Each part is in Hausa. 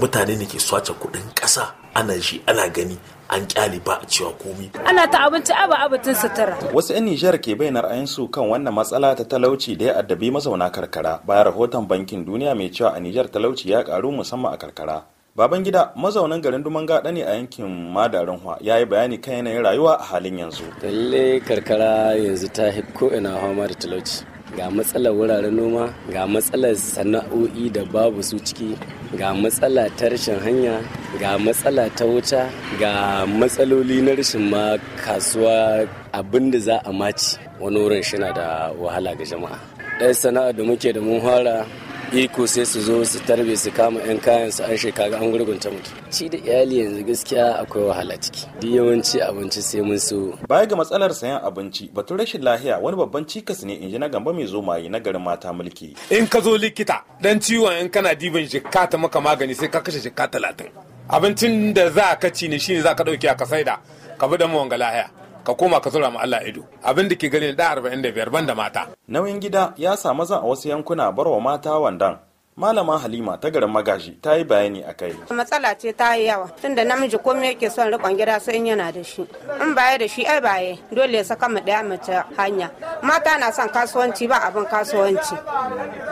mutane ne ke swace kuɗin kasa ana shi ana gani an kyale ba a cewa komi. Ana ta abinci aba abatin sutura. Wasu 'yan Nijar ke bayyana ra'ayinsu kan wannan matsala ta talauci da ya addabi mazauna karkara bayan rahoton bankin duniya mai cewa a Nijar talauci ya karu musamman a karkara. Baban gida mazaunan garin Duman Dumanga ne a yankin Madarin Hwa ya yi bayani kan yanayin rayuwa a halin yanzu. Lalle karkara yanzu ta ko ina fama da talauci. Ga matsalar wuraren noma, ga matsalar sana'o'i da babu su ciki, ga matsala ta rashin hanya ga matsala ta wuta ga matsaloli na rashin ma kasuwa abin da za a maci wani wurin shi da wahala ga jama'a ɗaya sana'a da muke da mun fara iko sai su zo su tarbe su kama 'yan kayan su an shekara an gurgunta mutum ci da iyali yanzu gaskiya akwai wahala ciki duk yawanci abinci sai mun so baya ga matsalar sayan abinci batun rashin lahiya wani babban cikas ne in ji na gamba mai zo mai na garin mata mulki in ka zo likita dan ciwon in kana diban jikka ta maka magani sai ka kashe jikka talatin abincin da za ka ci ne shine za ka dauke a ka saida ka bi da mu wanga lahiya ka koma ka zura ma Allah ido abin da ke gani da 45 da mata nauyin gida ya sa zan a wasu yankuna barwa mata wandan malama halima ta garin magaji ta yi bayani a kai matsala ce ta yi yawa tun da namiji komai yake son rikon gida sai in yana da shi in baya da shi ai baye dole ya saka mu daya mace hanya mata na son kasuwanci ba abin kasuwanci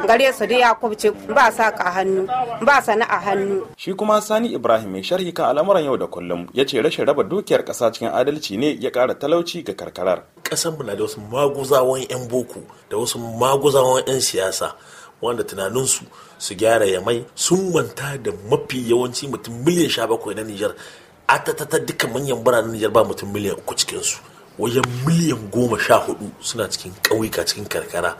gare su da ce ba saka hannu ba sana'a hannu shi kuma sani ibrahim mai sharhi kan al'amuran yau da kullum ya ce rashin raba dukiyar kasa cikin adalci ne ya kara talauci ga karkarar ƙasar mu na da wasu maguzawan 'yan boko da wasu maguzawan 'yan siyasa wanda tunaninsu su gyara ya mai sun manta da mafi yawanci mutum miliyan sha bakwai na nijar atatata duka manyan biranen nijar ba mutum miliyan uku cikinsu wajen miliyan goma sha hudu suna cikin ƙauyuka cikin karkara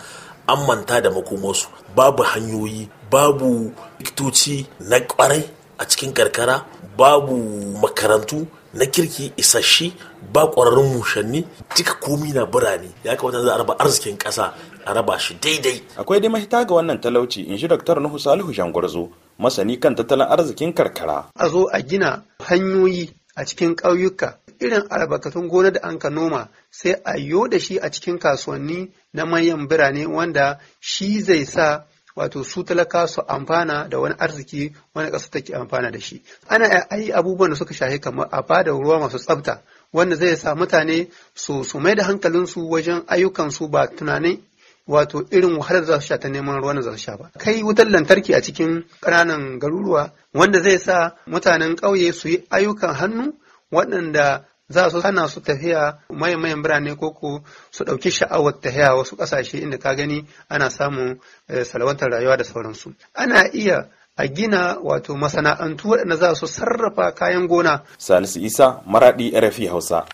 an manta da makomarsu babu hanyoyi babu likitoci na kwarai a cikin karkara babu makarantu na kirki isasshi ba ƙwararrun mushanni duka komi na birane ya kawata za a raba arzikin ƙasa a raba shi daidai akwai dai mahita ga wannan talauci in shi dr nuhu salihu shangwarzo masani kan tattalin arzikin karkara a zo a gina hanyoyi a cikin ƙauyuka irin albarkatun gona da an ka noma sai a yo da shi a cikin kasuwanni na manyan birane wanda shi zai sa wato su talaka su amfana da wani arziki wani ƙasa take amfana da shi ana yi abubuwan da suka shahi kamar a bada ruwa masu tsafta wanda zai sa mutane su su mai da hankalinsu wajen ayyukansu ba tunanin wato irin wahalar za su sha ta neman ruwan za su sha ba kai wutar lantarki a cikin ƙananan garuruwa wanda zai sa mutanen ƙauye su yi ayyukan hannu waɗanda za su hana su tafiya mayan birane ko ku su ɗauki sha'awar tafiya wasu ƙasashe inda ka gani ana samun eh, salwantar rayuwa da sauransu ana iya a gina wato masana'antu waɗanda za su sarrafa kayan gona salisu isa maraɗi rfi hausa